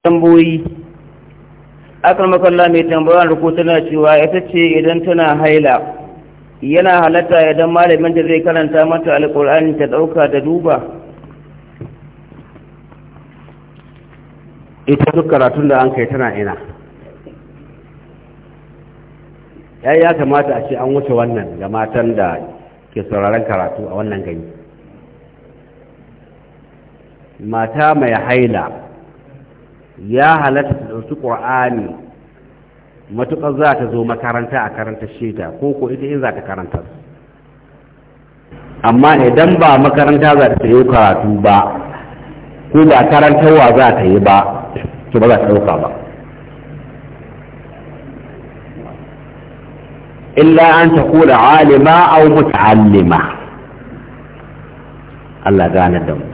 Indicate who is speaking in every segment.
Speaker 1: tamboyi akan makalla mai tambayar ruku tana cewa ya ce idan tana haila yana halatta idan malamin da zai karanta mata alkur'ani ta dauka da duba ita duk karatun da an kai tana ina ya ya kamata a ce an wuce wannan ga matan da ke sauraren karatu a wannan gani mata mai haila ya halatta ta ɗauki ƙur'ani matuƙar za ta zo makaranta a karanta sheta ko ko ita in za ta karanta amma idan ba makaranta za ta yi karatu ba ko ba karantarwa za ta yi ba to ba za ta ɗauka ba illa an ta kula alima au mutallima Allah gane da mu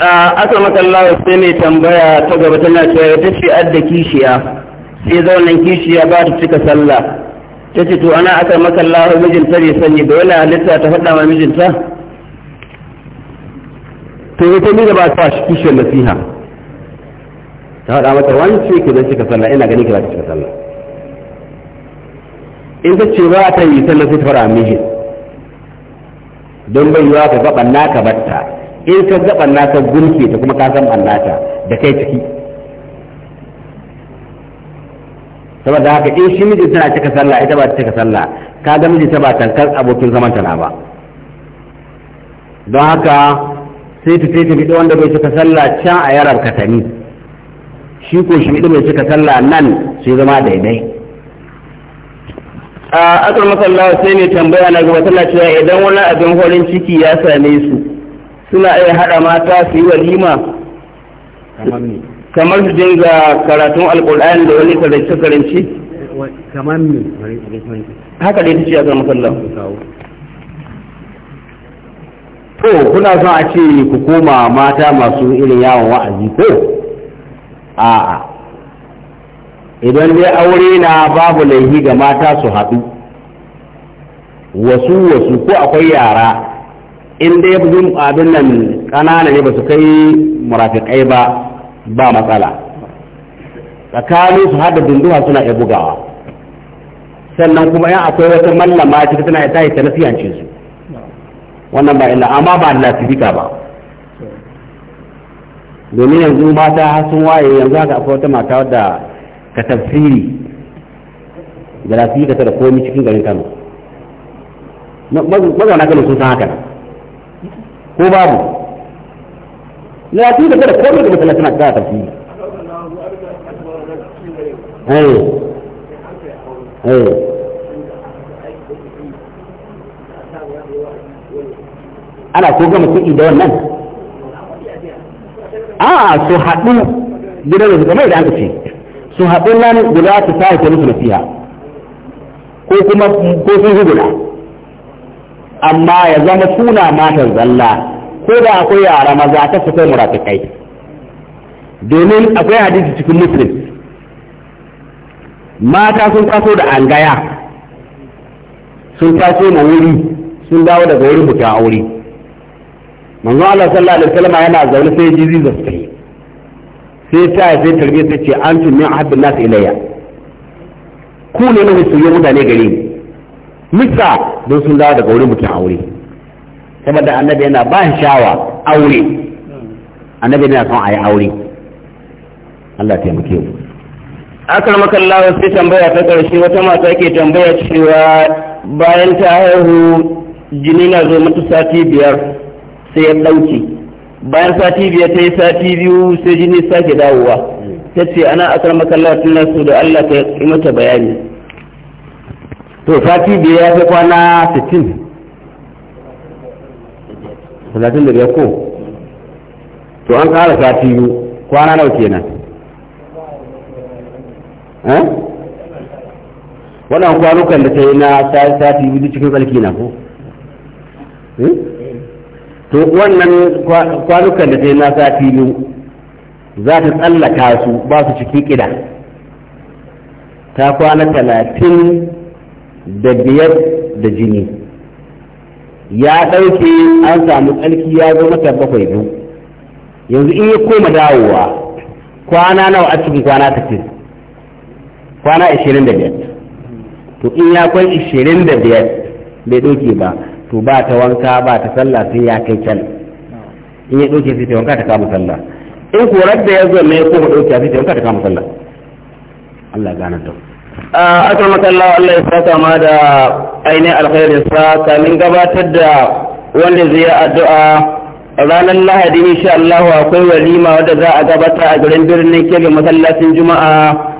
Speaker 1: aka makallawa sai mai tambaya ta gaba tana cewa ta ce adda kishiya sai zaunan kishiya ba ta cika sallah ta ce to ana aka makallawa mijinta ne sani ba yana halitta ta faɗa ma mijinta to ita ne da ba ta shi kishiyar nasiha ta faɗa mata ce ke zai cika sallah ina gani ke ba ta cika sallah in ta ce ba ta yi sallah sai ta faɗa mijin don bai yi wa ka faɓa naka batta in ka ga nata gunke ta kuma ka san ɓanna da kai ciki saboda haka in shi miji tana cika sallah ita ba ta cika sallah ka ga miji ta ba tankar abokin zaman ta na ba don haka sai ta tafi da wanda bai cika sallah can a yarar katani shi ko shi biɗo bai cika sallah nan sai zama daidai a akwai masallawa sai mai tambaya na gaba tana cewa idan wani abin horin ciki ya same su suna iya haɗa mata su yi walima kamar su dinga karatun alƙul'ani da wani karance-karance kamar ne haka dai ta ce a kan masallan to kuna son a ce ku koma mata masu irin yawon wa'azi ko a'a idan dai aure na babu laifi ga mata su haɗu wasu wasu ko akwai yara in dai bujum abin nan ƙanana ne ba su kai murafikai ba ba matsala tsakanin su da dunduwa suna iya bugawa sannan kuma yan akwai wata mallama ta tana ta yi ta su wannan ba illa amma ba lasifika ba domin yanzu mata sun waye yanzu haka akwai wata mata wadda ka tafsiri da lasifika ta da komi cikin garin kano mazauna kano sun san haka ko babu lafi da kada komai da mutane suna kara tafi eh eh
Speaker 2: ana ko gama kuɗi da wannan
Speaker 1: a ah, su haɗu gidan da su kamar da aka ce su haɗu nan guda su sa ta musu nasiha ko kuma ko sun guda amma ya zama suna matan zalla ko da akwai yara maza ta su kai murafikai domin akwai hadisi cikin muslim mata sun kaso da angaya sun kaso ma wuri sun dawo daga wurin bukin aure manzo Allah sallallahu alaihi wasallam yana zaune sai jizi da sai sai ta sai tarbiyya ta ce an tun min ahabbin nas ilayya ku ne su yi mutane gare ni misa don sun dawo daga wurin mutum aure saboda annabi yana ba shawa aure annabi yana son a yi aure Allah taimake mu akar makallawa sai tambaya ta ƙarshe wata mata ke tambaya cewa bayan ta haihu jini na zo mata sati biyar sai ya ɗauke bayan sati biyar ta yi sati biyu sai jini sake dawowa ta ce ana akar makallawa tunan su da Allah ta yi mata bayani to sati da ya fi kwana 60 ko to an ƙara sati biyu kwana nawa kenan eh wannan kwanukan da ta yi na sati biyu cikin tsarki na ko eh? to wannan kwanukan da ta yi na sati biyu za ta tsallaka su ba su cikin ƙida ta kwana talatin da biyar da jini ya ɗauke an samu tsarki ya zo mata bakwai biyu yanzu in ya koma dawowa kwana nawa a cikin kwana ce kwana ishirin da biyar to in ya kwan ishirin da biyar bai ɗauke ba to ba ta wanka ba ta sallah sai ya kai can in ya ɗauke sai ta wanka ta kama sallah in korar da ya zo mai koma ɗauke sai ta wanka ta kama sallah Allah gane da akan makallawa Allah ya saka ma da ainihin alkhairinsa kamin gabatar da wanda zai yi addu'a ranar lahadi insha Allah akwai walima wadda za a gabata a garin birnin kebe masallacin juma'a